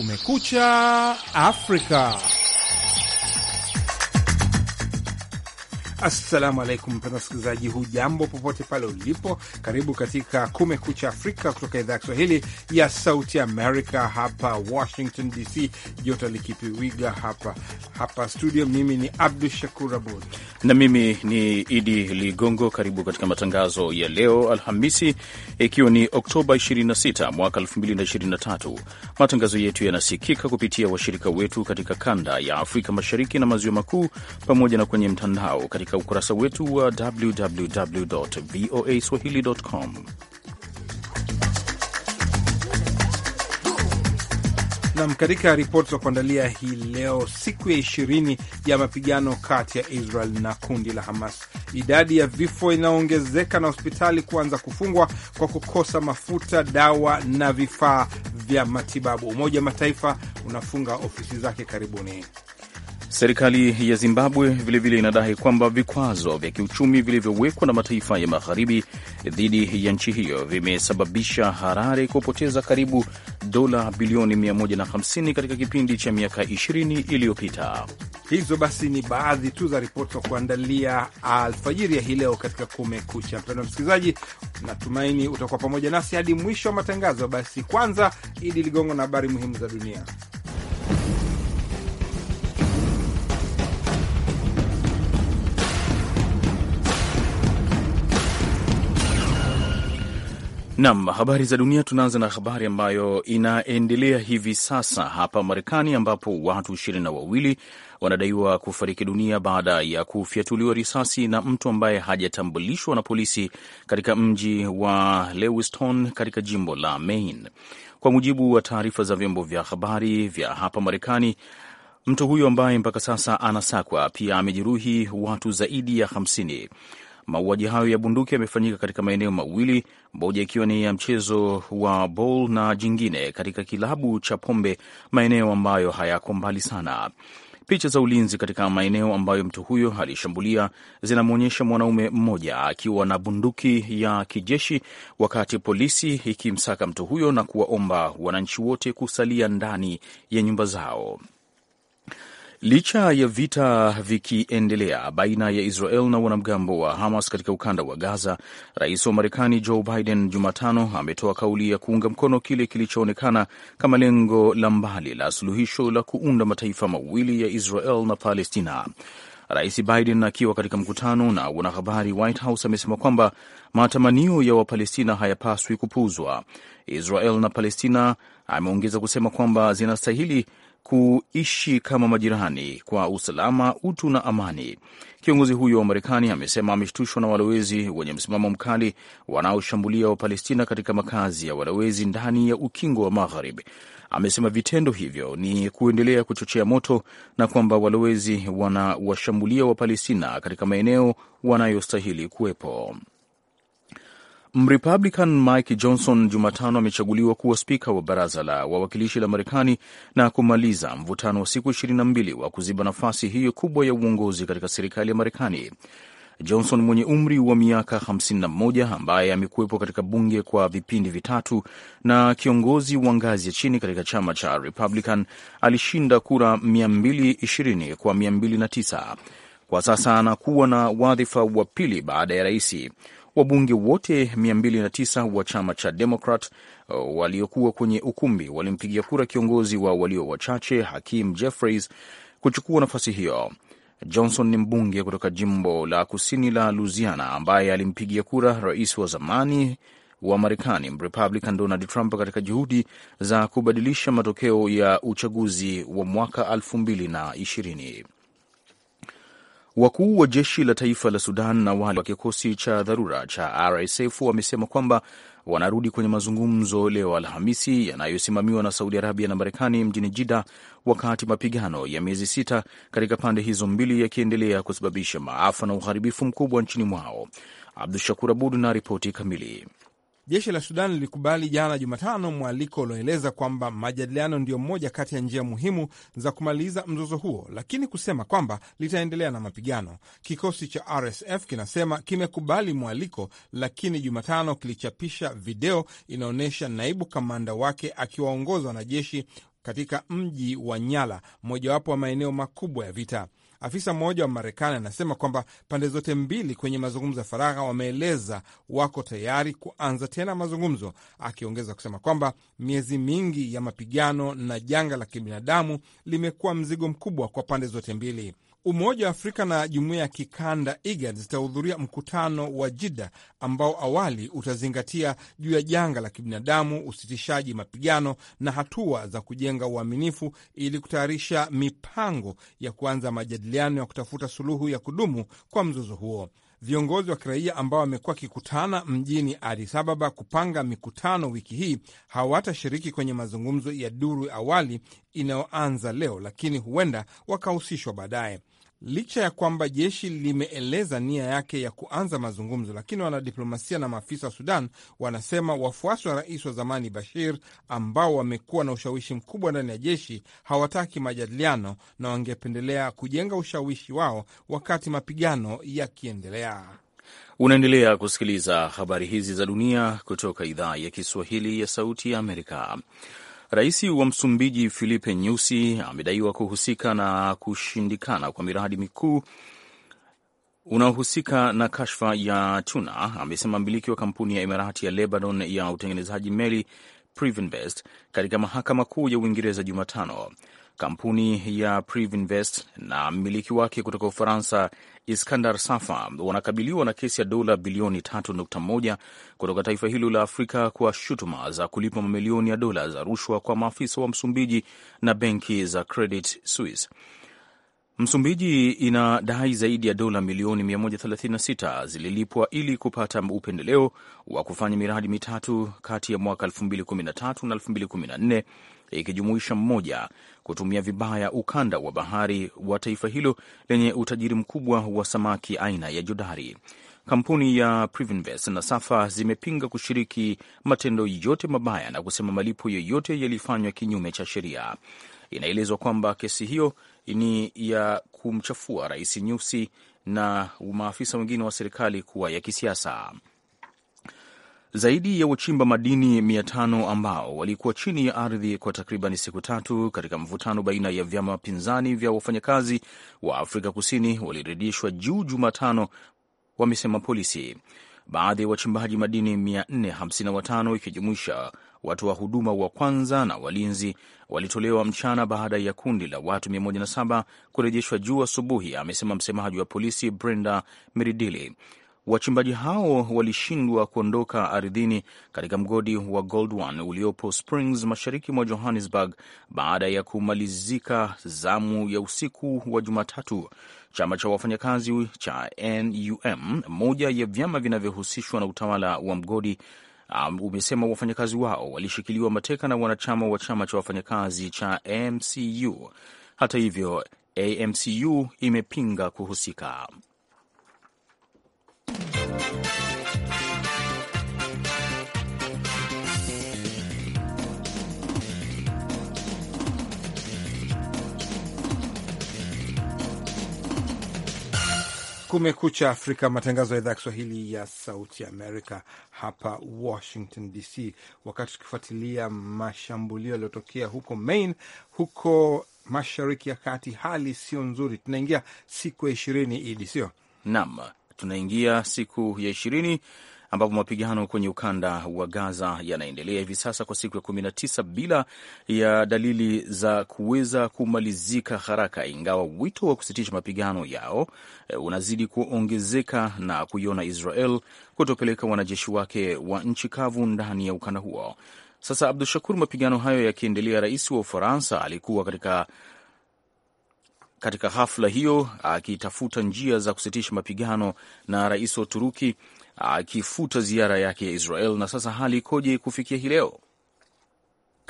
Kumekucha Afrika. Assalamu alaikum, mpendwa msikilizaji, hujambo popote pale ulipo. Karibu katika Kumekucha Afrika kutoka idhaa ya Kiswahili ya Sauti Amerika hapa Washington DC, joto likipiwiga hapa hapa studio. Mimi ni Abdu Shakur Abud na mimi ni Idi Ligongo. Karibu katika matangazo ya leo Alhamisi, ikiwa ni Oktoba 26 mwaka 2023. Matangazo yetu yanasikika kupitia washirika wetu katika kanda ya Afrika Mashariki na Maziwa Makuu pamoja na kwenye mtandao katika katika ukurasa wetu wa www voa swahili.com. Nam, katika ripoti za kuandalia hii leo, siku ya ishirini ya mapigano kati ya Israel na kundi la Hamas, idadi ya vifo inaongezeka na hospitali kuanza kufungwa kwa kukosa mafuta, dawa na vifaa vya matibabu. Umoja wa Mataifa unafunga ofisi zake karibuni. Serikali ya Zimbabwe vilevile inadai kwamba vikwazo vya kiuchumi vilivyowekwa na mataifa ya magharibi dhidi ya nchi hiyo vimesababisha Harare kupoteza karibu dola bilioni 150 katika kipindi cha miaka 20 iliyopita. Hizo basi ni baadhi tu za ripoti za kuandalia alfajiri ya hii leo katika Kumekucha. Mpendwa msikilizaji, natumaini utakuwa pamoja nasi hadi mwisho wa matangazo. Basi kwanza, Idi Ligongo na habari muhimu za dunia. Nam, habari za dunia. Tunaanza na habari ambayo inaendelea hivi sasa hapa Marekani, ambapo watu ishirini na wawili wanadaiwa kufariki dunia baada ya kufyatuliwa risasi na mtu ambaye hajatambulishwa na polisi katika mji wa Lewiston katika jimbo la Maine, kwa mujibu wa taarifa za vyombo vya habari vya hapa Marekani. Mtu huyo ambaye mpaka sasa anasakwa pia amejeruhi watu zaidi ya hamsini. Mauaji hayo ya bunduki yamefanyika katika maeneo mawili, moja ikiwa ni ya mchezo wa bol na jingine katika kilabu cha pombe, maeneo ambayo hayako mbali sana. Picha za ulinzi katika maeneo ambayo mtu huyo alishambulia zinamwonyesha mwanaume mmoja akiwa na bunduki ya kijeshi, wakati polisi ikimsaka mtu huyo na kuwaomba wananchi wote kusalia ndani ya nyumba zao. Licha ya vita vikiendelea baina ya Israel na wanamgambo wa Hamas katika ukanda wa Gaza, rais wa Marekani Joe Biden Jumatano ametoa kauli ya kuunga mkono kile kilichoonekana kama lengo la mbali la suluhisho la kuunda mataifa mawili ya Israel na Palestina. Rais Biden akiwa katika mkutano na wanahabari White House amesema kwamba matamanio ya Wapalestina hayapaswi kupuuzwa. Israel na Palestina ameongeza kusema kwamba zinastahili kuishi kama majirani kwa usalama, utu na amani. Kiongozi huyo wa Marekani amesema ameshtushwa na walowezi wenye msimamo mkali wanaoshambulia Wapalestina katika makazi ya walowezi ndani ya ukingo wa Magharibi. Amesema vitendo hivyo ni kuendelea kuchochea moto na kwamba walowezi wanawashambulia Wapalestina katika maeneo wanayostahili kuwepo. Mrepublican Mike Johnson Jumatano amechaguliwa kuwa spika wa baraza la wawakilishi la Marekani na kumaliza mvutano wa siku 22 wa kuziba nafasi hiyo kubwa ya uongozi katika serikali ya Marekani. Johnson mwenye umri wa miaka 51 ambaye amekuwepo katika bunge kwa vipindi vitatu na kiongozi wa ngazi ya chini katika chama cha Republican alishinda kura 220 kwa 209. Kwa sasa anakuwa na wadhifa wa pili baada ya raisi. Wabunge wote 209 wa chama cha Demokrat uh, waliokuwa kwenye ukumbi walimpigia kura kiongozi wa walio wachache Hakim Jeffries kuchukua nafasi hiyo. Johnson ni mbunge kutoka jimbo la kusini la Louisiana ambaye alimpigia kura rais wa zamani wa Marekani Republican Donald Trump katika juhudi za kubadilisha matokeo ya uchaguzi wa mwaka 2020. Wakuu wa jeshi la taifa la Sudan na wale wa kikosi cha dharura cha RSF wamesema kwamba wanarudi kwenye mazungumzo leo Alhamisi yanayosimamiwa na Saudi Arabia na Marekani mjini Jida, wakati mapigano ya miezi sita katika pande hizo mbili yakiendelea kusababisha maafa na uharibifu mkubwa nchini mwao. Abdu Shakur Abud na ripoti kamili. Jeshi la Sudan lilikubali jana Jumatano mwaliko ulioeleza kwamba majadiliano ndiyo moja kati ya njia muhimu za kumaliza mzozo huo, lakini kusema kwamba litaendelea na mapigano. Kikosi cha RSF kinasema kimekubali mwaliko, lakini Jumatano kilichapisha video inaonyesha naibu kamanda wake akiwaongoza wanajeshi katika mji wa Nyala, mojawapo wa maeneo makubwa ya vita. Afisa mmoja wa Marekani anasema kwamba pande zote mbili kwenye mazungumzo ya faragha wameeleza wako tayari kuanza tena mazungumzo, akiongeza kusema kwamba miezi mingi ya mapigano na janga la kibinadamu limekuwa mzigo mkubwa kwa pande zote mbili. Umoja wa Afrika na jumuiya ya kikanda IGAD zitahudhuria mkutano wa Jida ambao awali utazingatia juu ya janga la kibinadamu, usitishaji mapigano na hatua za kujenga uaminifu ili kutayarisha mipango ya kuanza majadiliano ya kutafuta suluhu ya kudumu kwa mzozo huo. Viongozi wa kiraia ambao wamekuwa wakikutana mjini Addis Ababa kupanga mikutano wiki hii hawatashiriki kwenye mazungumzo ya duru awali inayoanza leo, lakini huenda wakahusishwa baadaye licha ya kwamba jeshi limeeleza nia yake ya kuanza mazungumzo, lakini wanadiplomasia na maafisa wa Sudan wanasema wafuasi wa rais wa zamani Bashir ambao wamekuwa na ushawishi mkubwa ndani ya jeshi hawataki majadiliano na wangependelea kujenga ushawishi wao wakati mapigano yakiendelea. Unaendelea kusikiliza habari hizi za dunia kutoka idhaa ya Kiswahili ya Sauti ya Amerika. Rais wa Msumbiji Filipe Nyusi amedaiwa kuhusika na kushindikana kwa miradi mikuu unaohusika na kashfa ya tuna. Amesema mmiliki wa kampuni ya Emirati ya Lebanon ya utengenezaji meli Privinvest katika mahakama kuu ya Uingereza Jumatano. Kampuni ya Privinvest na mmiliki wake kutoka Ufaransa Iskandar Safa wanakabiliwa na kesi ya dola bilioni 3.1 kutoka taifa hilo la Afrika kwa shutuma za kulipa mamilioni ya dola za rushwa kwa maafisa wa Msumbiji na benki za Credit Suisse. Msumbiji inadai zaidi ya dola milioni 136 zililipwa ili kupata upendeleo wa kufanya miradi mitatu kati ya mwaka 2013 na 2014 ikijumuisha mmoja kutumia vibaya ukanda wa bahari wa taifa hilo lenye utajiri mkubwa wa samaki aina ya jodari. Kampuni ya Privinvest na Safa zimepinga kushiriki matendo yote mabaya na kusema malipo yoyote yalifanywa kinyume cha sheria. Inaelezwa kwamba kesi hiyo ni ya kumchafua Rais Nyusi na maafisa wengine wa serikali kuwa ya kisiasa. Zaidi ya wachimba madini mia tano ambao walikuwa chini ya ardhi kwa takriban siku tatu katika mvutano baina ya vyama pinzani vya wafanyakazi wa Afrika Kusini walirejeshwa juu Jumatano, wamesema polisi. Baadhi ya wachimbaji madini 455 ikijumuisha watu wa huduma wa kwanza na walinzi walitolewa mchana baada ya kundi la watu 107 kurejeshwa juu asubuhi, amesema msemaji wa polisi Brenda Miridili. Wachimbaji hao walishindwa kuondoka ardhini katika mgodi wa Goldwan uliopo Springs, mashariki mwa Johannesburg, baada ya kumalizika zamu ya usiku wa Jumatatu. Chama cha wafanyakazi cha NUM, moja ya vyama vinavyohusishwa na utawala wa mgodi um, umesema wafanyakazi wao walishikiliwa mateka na wanachama wa chama cha wafanyakazi cha AMCU. Hata hivyo, AMCU imepinga kuhusika Kumekucha Afrika, matangazo ya idhaa ya Kiswahili ya Sauti Amerika hapa Washington DC. Wakati tukifuatilia mashambulio yaliyotokea huko Maine, huko mashariki ya kati, hali sio nzuri. Tunaingia siku ya ishirini, Idi sio? Naam, tunaingia siku ya ishirini ambapo mapigano kwenye ukanda wa Gaza yanaendelea hivi sasa kwa siku ya tisa bila ya dalili za kuweza kumalizika haraka, ingawa wito wa kusitisha mapigano yao e, unazidi kuongezeka na kuiona Israel kutopeleka wanajeshi wake wa nchi kavu ndani ya ukanda huo. Sasa Abdu Shakur, mapigano hayo yakiendelea, rais wa Ufaransa alikuwa katika katika hafla hiyo akitafuta njia za kusitisha mapigano na rais wa Uturuki akifuta ziara yake ya Israel. Na sasa hali ikoje kufikia hii leo?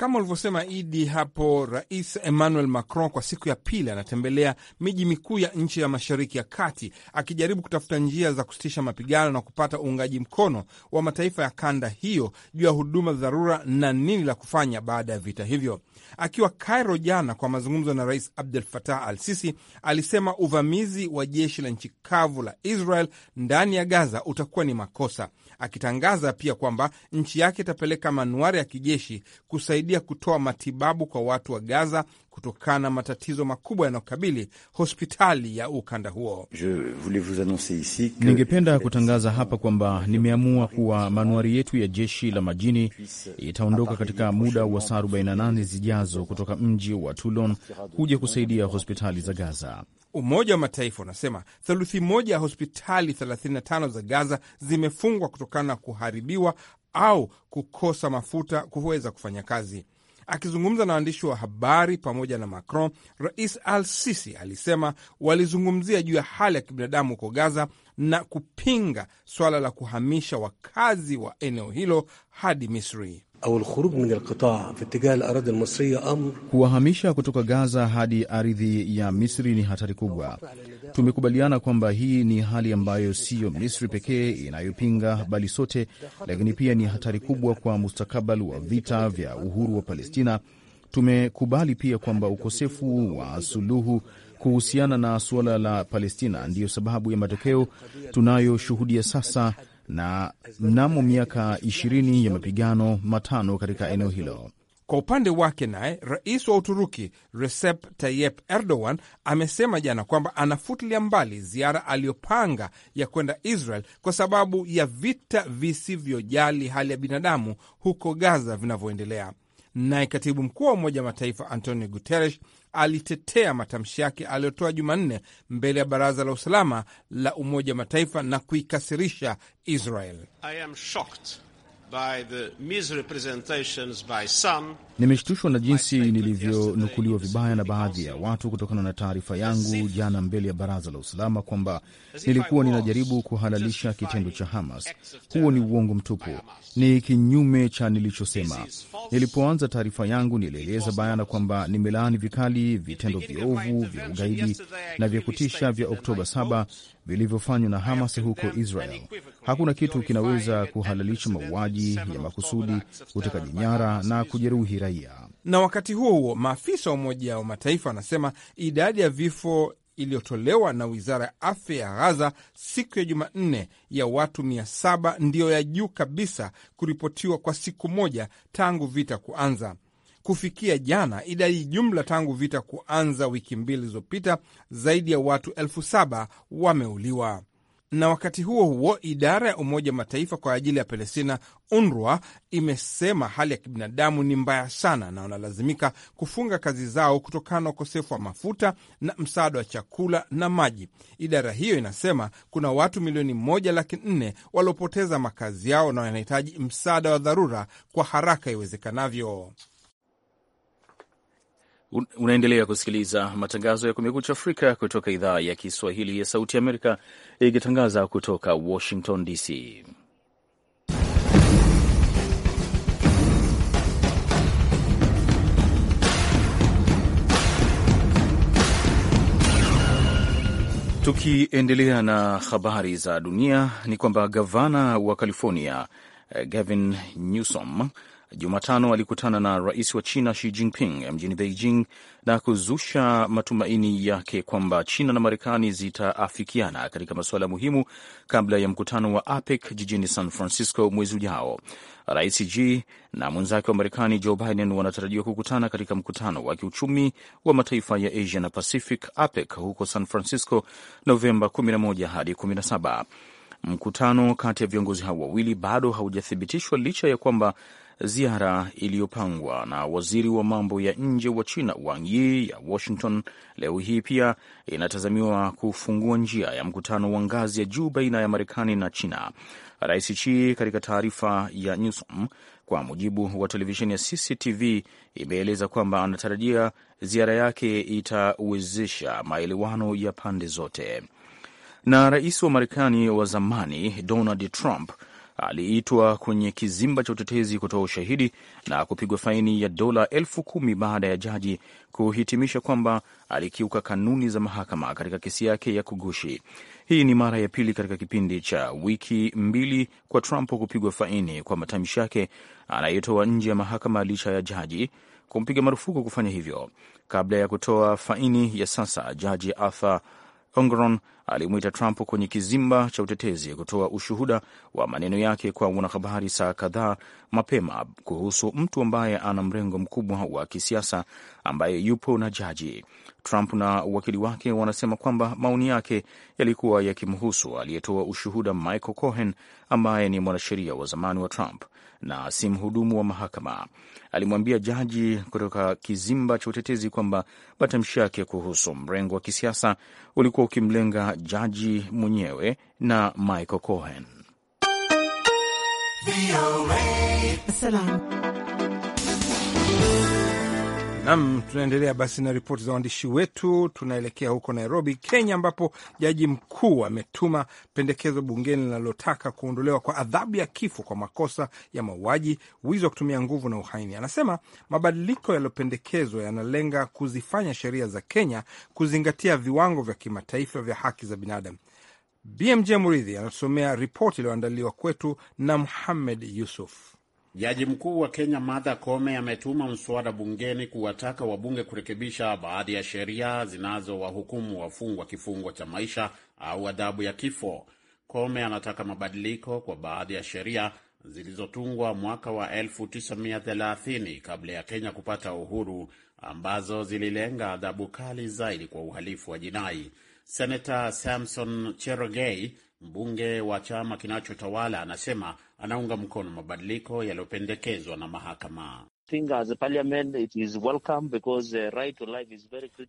Kama ulivyosema Idi hapo, Rais Emmanuel Macron kwa siku ya pili anatembelea miji mikuu ya nchi ya Mashariki ya Kati akijaribu kutafuta njia za kusitisha mapigano na kupata uungaji mkono wa mataifa ya kanda hiyo juu ya huduma dharura na nini la kufanya baada ya vita hivyo. Akiwa Cairo jana kwa mazungumzo na Rais Abdel Fattah al Sisi, alisema uvamizi wa jeshi la nchi kavu la Israel ndani ya Gaza utakuwa ni makosa akitangaza pia kwamba nchi yake itapeleka manuari ya kijeshi kusaidia kutoa matibabu kwa watu wa Gaza kutokana na matatizo makubwa yanayokabili hospitali ya ukanda huo. Ningependa kutangaza hapa kwamba nimeamua kuwa manuari yetu ya jeshi la majini itaondoka katika muda wa saa 48 zijazo kutoka mji wa Toulon kuja kusaidia hospitali za Gaza. Umoja wa Mataifa unasema theluthi moja ya hospitali 35 za Gaza zimefungwa kutokana na kuharibiwa au kukosa mafuta kuweza kufanya kazi. Akizungumza na waandishi wa habari pamoja na Macron, Rais Al Sisi alisema walizungumzia juu ya hali ya kibinadamu huko Gaza na kupinga swala la kuhamisha wakazi wa eneo hilo hadi Misri min Kuwahamisha kutoka Gaza hadi ardhi ya Misri ni hatari kubwa. Tumekubaliana kwamba hii ni hali ambayo siyo Misri pekee inayopinga, bali sote, lakini pia ni hatari kubwa kwa mustakabali wa vita vya uhuru wa Palestina. Tumekubali pia kwamba ukosefu wa suluhu kuhusiana na suala la Palestina ndiyo sababu ya matokeo tunayoshuhudia sasa na mnamo miaka 20 ya mapigano matano katika eneo hilo. Kwa upande wake naye rais wa Uturuki Recep Tayyip Erdogan amesema jana kwamba anafutilia mbali ziara aliyopanga ya kwenda Israel kwa sababu ya vita visivyojali hali ya binadamu huko Gaza vinavyoendelea. Naye katibu mkuu wa Umoja wa Mataifa Antonio Guterres alitetea matamshi yake aliyotoa Jumanne mbele ya Baraza la Usalama la Umoja wa Mataifa na kuikasirisha Israel. I am shocked. Nimeshtushwa na jinsi nilivyonukuliwa vibaya na baadhi ya watu kutokana na taarifa yangu jana mbele ya Baraza la Usalama kwamba nilikuwa ninajaribu kuhalalisha kitendo cha Hamas. Huo ni uongo mtupu, ni kinyume cha nilichosema. Nilipoanza taarifa yangu, nilieleza bayana kwamba nimelaani vikali vitendo viovu vya ugaidi na vya kutisha vya Oktoba 7 vilivyofanywa na Hamas huko Israel. Hakuna kitu kinaweza kuhalalisha mauaji mauaji ya makusudi, utekaji nyara na kujeruhi raia. Na wakati huo huo, maafisa wa Umoja wa Mataifa wanasema idadi ya vifo iliyotolewa na wizara ya afya ya Ghaza siku ya Jumanne ya watu mia saba ndiyo ya juu kabisa kuripotiwa kwa siku moja tangu vita kuanza. Kufikia jana, idadi jumla tangu vita kuanza wiki mbili zilizopita, zaidi ya watu elfu saba wameuliwa na wakati huo huo idara ya Umoja Mataifa kwa ajili ya Palestina, UNRWA, imesema hali ya kibinadamu ni mbaya sana na wanalazimika kufunga kazi zao kutokana na ukosefu wa mafuta na msaada wa chakula na maji. Idara hiyo inasema kuna watu milioni moja laki nne waliopoteza makazi yao na wanahitaji msaada wa dharura kwa haraka iwezekanavyo. Unaendelea kusikiliza matangazo ya Kumekucha Afrika kutoka idhaa ya Kiswahili ya Sauti Amerika, ikitangaza kutoka Washington DC. Tukiendelea na habari za dunia, ni kwamba gavana wa California eh, Gavin Newsom Jumatano alikutana na rais wa China Xi Jinping mjini Beijing na kuzusha matumaini yake kwamba China na Marekani zitaafikiana katika masuala muhimu kabla ya mkutano wa APEC jijini San Francisco mwezi ujao. Rais Xi na mwenzake wa Marekani Joe Biden wanatarajiwa kukutana katika mkutano wa kiuchumi wa mataifa ya Asia na Pacific, APEC, huko San Francisco Novemba 11 hadi 17. Mkutano kati ya viongozi hao wawili bado haujathibitishwa licha ya kwamba ziara iliyopangwa na waziri wa mambo ya nje wa China Wang Yi ya Washington leo hii pia inatazamiwa kufungua njia ya mkutano wa ngazi ya juu baina ya Marekani na China. Rais Xi katika taarifa ya newsom kwa mujibu wa televisheni ya CCTV imeeleza kwamba anatarajia ziara yake itawezesha maelewano ya pande zote. Na rais wa Marekani wa zamani Donald Trump aliitwa kwenye kizimba cha utetezi kutoa ushahidi na kupigwa faini ya dola elfu kumi baada ya jaji kuhitimisha kwamba alikiuka kanuni za mahakama katika kesi yake ya kugushi. Hii ni mara ya pili katika kipindi cha wiki mbili kwa Trump kupigwa faini kwa matamshi yake anayetoa nje ya mahakama licha ya jaji kumpiga marufuku kufanya hivyo. Kabla ya kutoa faini ya sasa, jaji Arthur Ongron alimwita Trump kwenye kizimba cha utetezi kutoa ushuhuda wa maneno yake kwa wanahabari saa kadhaa mapema kuhusu mtu ambaye ana mrengo mkubwa wa kisiasa ambaye yupo na jaji. Trump na wakili wake wanasema kwamba maoni yake yalikuwa yakimhusu aliyetoa ushuhuda Michael Cohen, ambaye ni mwanasheria wa zamani wa Trump na si mhudumu wa mahakama. Alimwambia jaji kutoka kizimba cha utetezi kwamba matamshi yake kuhusu mrengo wa kisiasa ulikuwa ukimlenga jaji mwenyewe na Michael Cohen. Nam, tunaendelea basi na ripoti za waandishi wetu. Tunaelekea huko Nairobi, Kenya, ambapo jaji mkuu ametuma pendekezo bungeni linalotaka kuondolewa kwa adhabu ya kifo kwa makosa ya mauaji, wizi wa kutumia nguvu na uhaini. Anasema mabadiliko yaliyopendekezwa yanalenga kuzifanya sheria za Kenya kuzingatia viwango vya kimataifa vya haki za binadamu. BMJ Muridhi anatusomea ripoti iliyoandaliwa kwetu na Muhammed Yusuf. Jaji mkuu wa Kenya Martha Koome ametuma mswada bungeni kuwataka wabunge kurekebisha baadhi ya sheria zinazowahukumu wafungwa kifungo cha maisha au adhabu ya kifo. Koome anataka mabadiliko kwa baadhi ya sheria zilizotungwa mwaka wa 1930 kabla ya Kenya kupata uhuru, ambazo zililenga adhabu kali zaidi kwa uhalifu wa jinai. Senata Samson Cherogei, mbunge wa chama kinachotawala, anasema anaunga mkono mabadiliko yaliyopendekezwa na mahakama. Uh,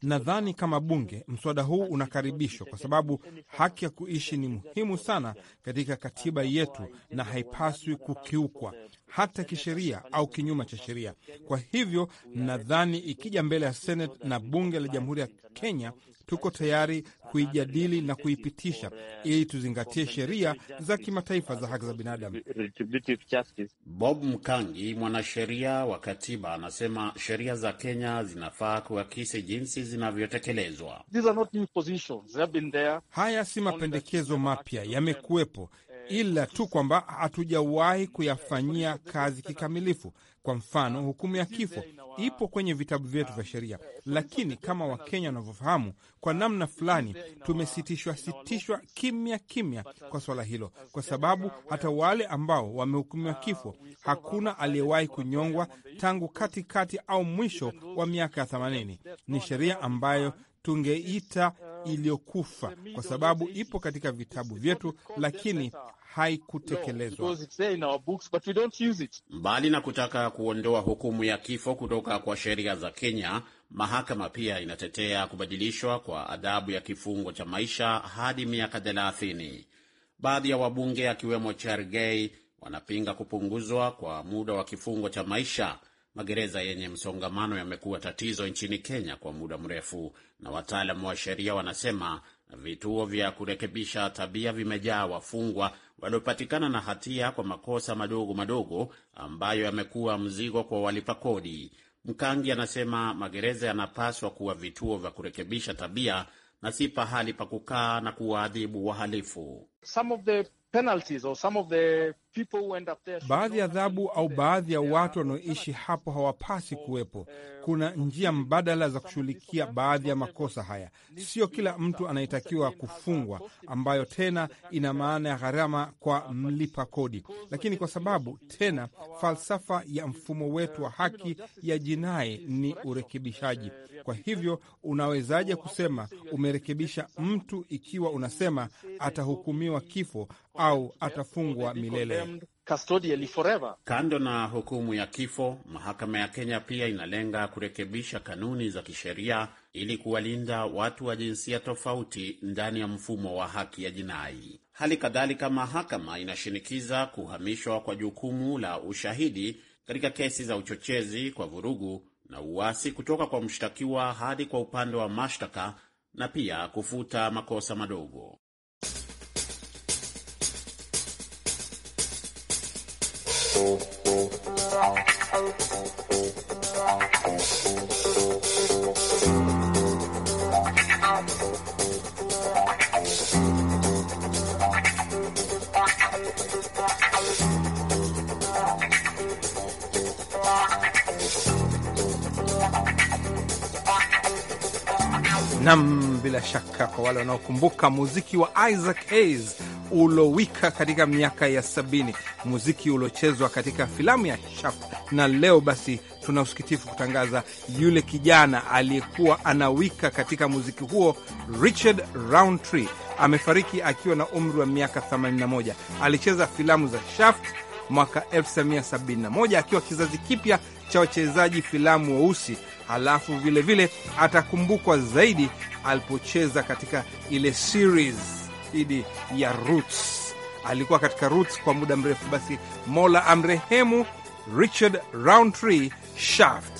Nadhani kama bunge, mswada huu unakaribishwa kwa sababu haki ya kuishi ni muhimu sana katika katiba yetu na haipaswi kukiukwa hata kisheria au kinyume cha sheria. Kwa hivyo nadhani ikija mbele ya Senate na bunge la Jamhuri ya Kenya, tuko tayari kuijadili na kuipitisha ili tuzingatie sheria za kimataifa za haki za binadamu. Bob Mkangi, mwanasheria wa katiba, anasema sheria za Kenya zinafaa kuakisi jinsi zinavyotekelezwa. Haya si mapendekezo mapya, yamekuwepo ila tu kwamba hatujawahi kuyafanyia kazi kikamilifu. Kwa mfano, hukumu ya kifo ipo kwenye vitabu vyetu vya sheria, lakini kama Wakenya wanavyofahamu, kwa namna fulani tumesitishwa sitishwa kimya kimya kwa swala hilo, kwa sababu hata wale ambao wamehukumiwa kifo hakuna aliyewahi kunyongwa tangu katikati kati au mwisho wa miaka ya themanini. Ni sheria ambayo tungeita iliyokufa, kwa sababu ipo katika vitabu vyetu, lakini haikutekelezwa. No, mbali na kutaka kuondoa hukumu ya kifo kutoka kwa sheria za Kenya, mahakama pia inatetea kubadilishwa kwa adhabu ya kifungo cha maisha hadi miaka thelathini. Baadhi ya wabunge akiwemo Chergey wanapinga kupunguzwa kwa muda wa kifungo cha maisha. Magereza yenye msongamano yamekuwa tatizo nchini Kenya kwa muda mrefu, na wataalamu wa sheria wanasema vituo vya kurekebisha tabia vimejaa wafungwa waliopatikana na hatia kwa makosa madogo madogo ambayo yamekuwa mzigo kwa walipa kodi. Mkangi anasema magereza yanapaswa kuwa vituo vya kurekebisha tabia na si pahali pa kukaa na kuwaadhibu wahalifu. Some of the penalties or some of the Baadhi ya adhabu au baadhi ya watu wanaoishi hapo hawapasi kuwepo. Eh, Kuna njia mbadala za kushughulikia baadhi ya makosa haya. Sio kila mtu anayetakiwa kufungwa, ambayo tena ina maana ya gharama kwa uh, mlipa kodi, lakini kwa sababu tena falsafa ya mfumo uh, wetu wa haki ya jinai ni urekebishaji. Uh, kwa hivyo unawezaje kusema umerekebisha mtu ikiwa unasema atahukumiwa kifo au atafungwa milele? custodially forever. Kando na hukumu ya kifo, mahakama ya Kenya pia inalenga kurekebisha kanuni za kisheria ili kuwalinda watu wa jinsia tofauti ndani ya mfumo wa haki ya jinai. Hali kadhalika, mahakama inashinikiza kuhamishwa kwa jukumu la ushahidi katika kesi za uchochezi kwa vurugu na uasi kutoka kwa mshtakiwa hadi kwa upande wa mashtaka na pia kufuta makosa madogo. Nam, bila shaka kwa wale wanaokumbuka muziki wa Isaac Hayes ulowika katika miaka ya sabini muziki uliochezwa katika filamu ya Shaft. Na leo basi tuna usikitifu kutangaza yule kijana aliyekuwa anawika katika muziki huo, Richard Roundtree amefariki akiwa na umri wa miaka 81. Alicheza filamu za Shaft mwaka 1971 akiwa kizazi kipya cha wachezaji filamu weusi. alafu vilevile vile, atakumbukwa zaidi alipocheza katika ile series idi ya Roots alikuwa katika Roots kwa muda mrefu. Basi Mola amrehemu Richard Roundtree Shaft.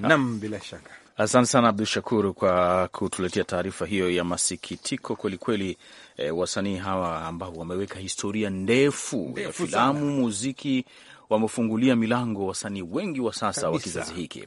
Nam, bila shaka asante sana Abdu Shakuru kwa kutuletea taarifa hiyo ya masikitiko kwelikweli. E, eh, wasanii hawa ambao wameweka historia ndefu ya filamu, muziki wamefungulia milango wasanii wengi wa sasa wa kizazi hiki.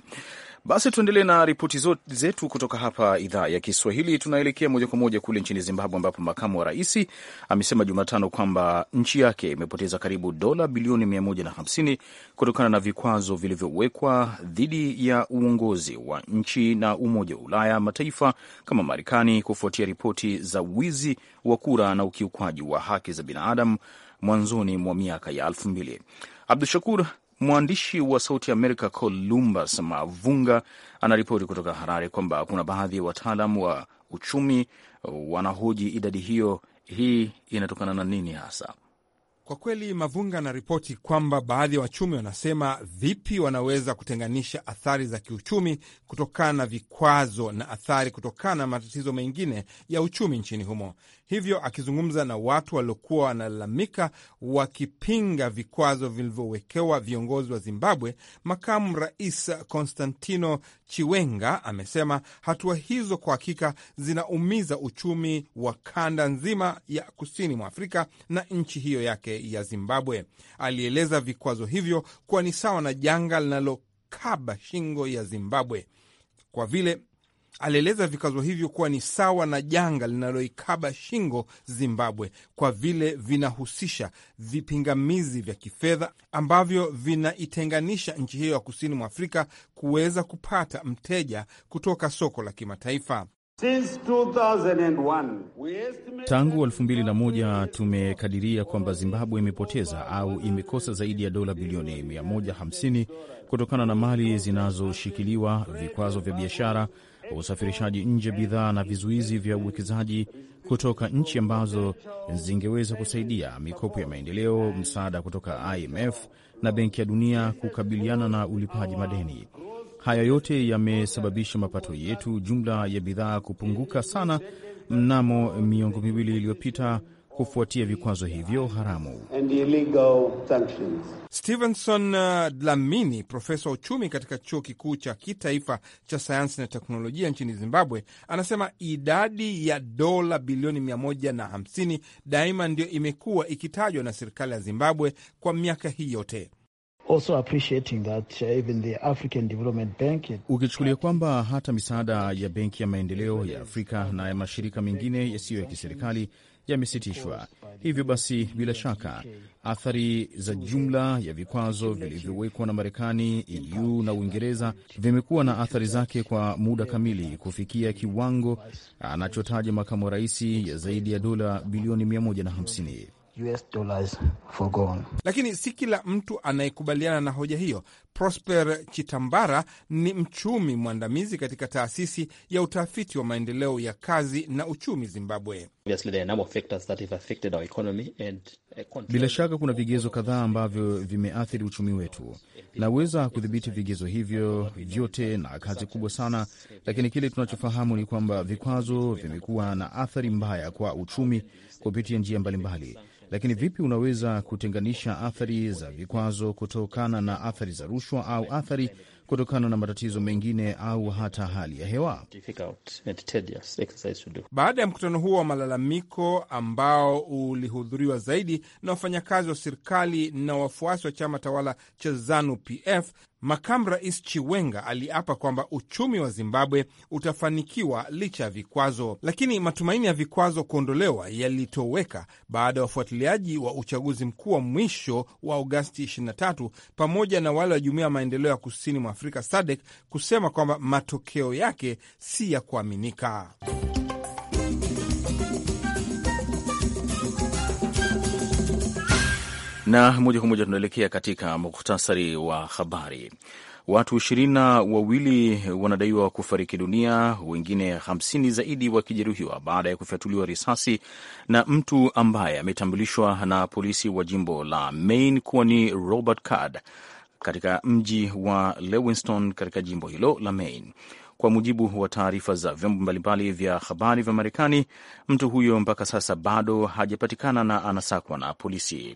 Basi tuendelee na ripoti zetu kutoka hapa idhaa ya Kiswahili. Tunaelekea moja kwa moja kule nchini Zimbabwe, ambapo makamu wa rais amesema Jumatano kwamba nchi yake imepoteza karibu dola bilioni 150 kutokana na vikwazo vilivyowekwa dhidi ya uongozi wa nchi na Umoja wa Ulaya mataifa kama Marekani kufuatia ripoti za wizi wa kura na ukiukwaji wa haki za binadamu mwanzoni mwa miaka ya elfu mbili. Abdu Shakur, mwandishi wa Sauti ya Amerika Columbus Mavunga anaripoti kutoka Harare kwamba kuna baadhi ya wataalam wa uchumi wanahoji idadi hiyo. Hii inatokana na nini hasa? Kwa kweli, Mavunga anaripoti kwamba baadhi ya wa wachumi wanasema vipi wanaweza kutenganisha athari za kiuchumi kutokana na vikwazo na athari kutokana na matatizo mengine ya uchumi nchini humo. Hivyo akizungumza na watu waliokuwa wanalalamika wakipinga vikwazo vilivyowekewa viongozi wa Zimbabwe, makamu rais Konstantino Chiwenga amesema hatua hizo kwa hakika zinaumiza uchumi wa kanda nzima ya kusini mwa Afrika na nchi hiyo yake ya Zimbabwe. Alieleza vikwazo hivyo kuwa ni sawa na janga linalokaba shingo ya Zimbabwe kwa vile Alieleza vikwazo hivyo kuwa ni sawa na janga linaloikaba shingo Zimbabwe kwa vile vinahusisha vipingamizi vya kifedha ambavyo vinaitenganisha nchi hiyo ya kusini mwa Afrika kuweza kupata mteja kutoka soko la kimataifa. Tangu 2001 tumekadiria kwamba Zimbabwe imepoteza au imekosa zaidi ya dola bilioni 150 kutokana na mali zinazoshikiliwa, vikwazo vya biashara usafirishaji nje bidhaa na vizuizi vya uwekezaji kutoka nchi ambazo zingeweza kusaidia mikopo ya maendeleo, msaada kutoka IMF na Benki ya Dunia kukabiliana na ulipaji madeni. Haya yote yamesababisha mapato yetu jumla ya bidhaa kupunguka sana mnamo miongo miwili iliyopita kufuatia vikwazo hivyo haramu. Stevenson uh, Dlamini, profesa wa uchumi katika chuo kikuu cha kitaifa cha sayansi na teknolojia nchini Zimbabwe, anasema idadi ya dola bilioni 150 daima ndiyo imekuwa ikitajwa na serikali ya Zimbabwe kwa miaka hii yote. Uh, Ukichukulia kwamba hata misaada ya Benki ya Maendeleo ya Afrika na ya mashirika mengine yasiyo ya kiserikali yamesitishwa. Hivyo basi, bila shaka athari za jumla ya vikwazo vilivyowekwa na Marekani, EU na Uingereza vimekuwa na athari zake kwa muda kamili kufikia kiwango anachotaja makamu wa rais ya zaidi ya dola bilioni 150. US dollars for Lakini si kila mtu anayekubaliana na hoja hiyo. Prosper Chitambara ni mchumi mwandamizi katika taasisi ya utafiti wa maendeleo ya kazi na uchumi Zimbabwe. Uh, Bila shaka kuna vigezo kadhaa ambavyo vimeathiri uchumi wetu. Naweza kudhibiti vigezo hivyo vyote na kazi kubwa sana, lakini kile tunachofahamu ni kwamba vikwazo vimekuwa na athari mbaya kwa uchumi kupitia njia mbalimbali mbali. Lakini vipi unaweza kutenganisha athari za vikwazo kutokana na athari za rushwa au athari kutokana na matatizo mengine au hata hali ya hewa. Baada ya mkutano huo wa malalamiko ambao ulihudhuriwa zaidi na wafanyakazi wa serikali na wafuasi wa chama tawala cha Zanu PF, Makamu Rais Chiwenga aliapa kwamba uchumi wa Zimbabwe utafanikiwa licha ya vikwazo, lakini matumaini ya vikwazo kuondolewa yalitoweka baada ya wafuatiliaji wa uchaguzi mkuu wa mwisho wa Agosti 23 pamoja na wale wa Jumuiya ya Maendeleo ya Kusini mwa Afrika SADC kusema kwamba matokeo yake si ya kuaminika. Na moja kwa moja tunaelekea katika muktasari wa habari. Watu ishirini na wawili wanadaiwa kufariki dunia, wengine hamsini zaidi wakijeruhiwa baada ya kufyatuliwa risasi na mtu ambaye ametambulishwa na polisi wa jimbo la Maine kuwa ni Robert Card katika mji wa Lewiston katika jimbo hilo la Maine. Kwa mujibu wa taarifa za vyombo mbalimbali vya habari vya Marekani, mtu huyo mpaka sasa bado hajapatikana na anasakwa na polisi.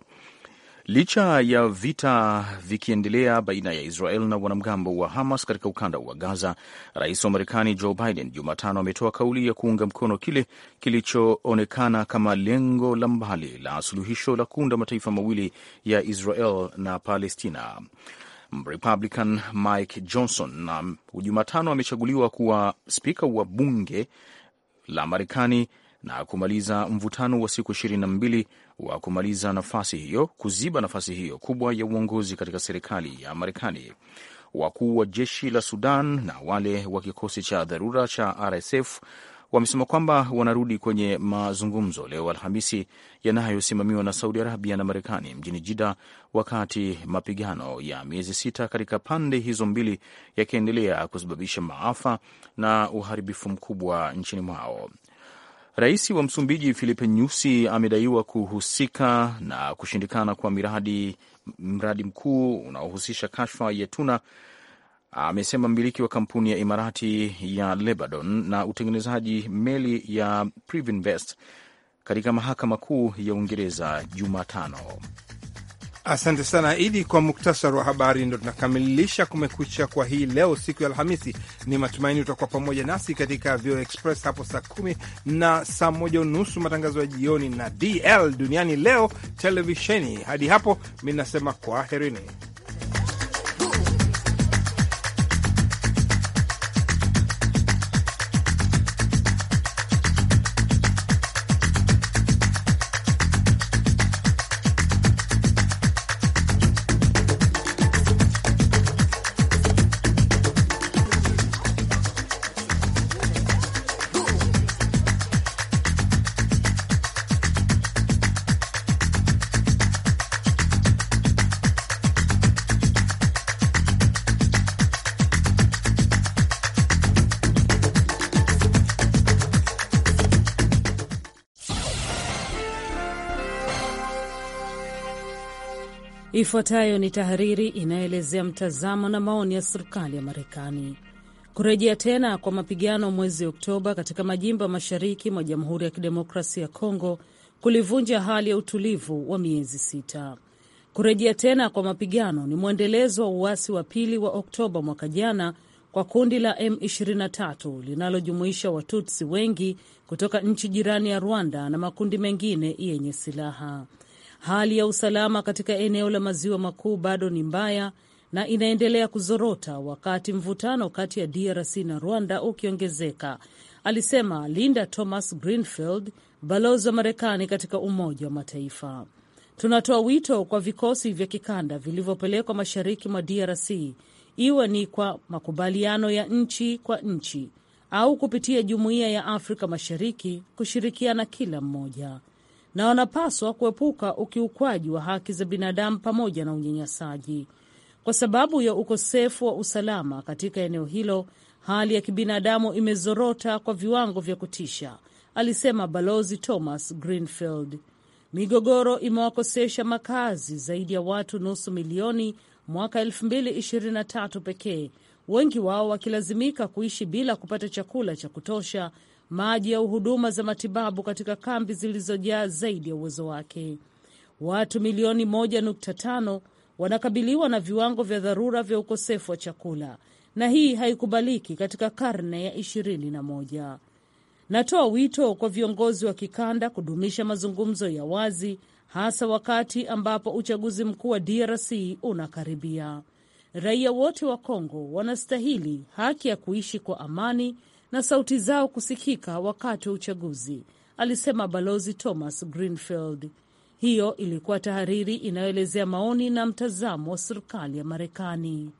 Licha ya vita vikiendelea baina ya Israel na wanamgambo wa Hamas katika ukanda wa Gaza, rais wa Marekani Joe Biden Jumatano ametoa kauli ya kuunga mkono kile kilichoonekana kama lengo la mbali la suluhisho la kuunda mataifa mawili ya Israel na Palestina. Republican Mike Johnson na um, Jumatano amechaguliwa kuwa spika wa bunge la Marekani na kumaliza mvutano wa siku ishirini na mbili wa kumaliza nafasi hiyo, kuziba nafasi hiyo kubwa ya uongozi katika serikali ya Marekani. Wakuu wa jeshi la Sudan na wale wa kikosi cha dharura cha RSF wamesema kwamba wanarudi kwenye mazungumzo leo Alhamisi yanayosimamiwa na Saudi Arabia na Marekani mjini Jida, wakati mapigano ya miezi sita katika pande hizo mbili yakiendelea kusababisha maafa na uharibifu mkubwa nchini mwao. Rais wa Msumbiji Filipe Nyusi amedaiwa kuhusika na kushindikana kwa miradi, mradi mkuu unaohusisha kashfa ya tuna. Amesema mmiliki wa kampuni ya Imarati ya Lebanon na utengenezaji meli ya Privinvest katika mahakama kuu ya Uingereza Jumatano. Asante sana Idi kwa muktasari wa habari. Ndo tunakamilisha Kumekucha kwa hii leo, siku ya Alhamisi. Ni matumaini utakuwa pamoja nasi katika VOA Express hapo saa kumi na saa moja unusu matangazo ya jioni na DL duniani leo televisheni. Hadi hapo mi nasema kwaherini. Ifuatayo ni tahariri inayoelezea mtazamo na maoni ya serikali ya Marekani. Kurejea tena kwa mapigano mwezi Oktoba katika majimbo ya mashariki mwa Jamhuri ya Kidemokrasia ya Kongo kulivunja hali ya utulivu wa miezi sita. Kurejea tena kwa mapigano ni mwendelezo wa uasi wa pili wa Oktoba mwaka jana kwa kundi la M23 linalojumuisha Watutsi wengi kutoka nchi jirani ya Rwanda na makundi mengine yenye silaha. Hali ya usalama katika eneo la maziwa makuu bado ni mbaya na inaendelea kuzorota wakati mvutano kati ya DRC na Rwanda ukiongezeka, alisema Linda Thomas Greenfield, balozi wa Marekani katika Umoja wa Mataifa. Tunatoa wito kwa vikosi vya kikanda vilivyopelekwa mashariki mwa DRC, iwe ni kwa makubaliano ya nchi kwa nchi au kupitia Jumuiya ya Afrika Mashariki, kushirikiana kila mmoja na wanapaswa kuepuka ukiukwaji wa haki za binadamu pamoja na unyanyasaji. Kwa sababu ya ukosefu wa usalama katika eneo hilo, hali ya kibinadamu imezorota kwa viwango vya kutisha, alisema Balozi Thomas Greenfield. Migogoro imewakosesha makazi zaidi ya watu nusu milioni mwaka 2023 pekee, wengi wao wakilazimika kuishi bila kupata chakula cha kutosha maji au huduma za matibabu katika kambi zilizojaa zaidi ya uwezo wake. Watu milioni 1.5 wanakabiliwa na viwango vya dharura vya ukosefu wa chakula, na hii haikubaliki katika karne ya 21. Natoa wito kwa viongozi wa kikanda kudumisha mazungumzo ya wazi, hasa wakati ambapo uchaguzi mkuu wa DRC unakaribia. Raia wote wa Kongo wanastahili haki ya kuishi kwa amani na sauti zao kusikika wakati wa uchaguzi, alisema Balozi Thomas Greenfield. Hiyo ilikuwa tahariri inayoelezea maoni na mtazamo wa serikali ya Marekani.